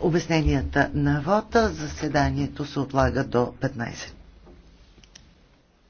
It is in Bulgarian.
обясненията на вота. Заседанието се отлага до 15.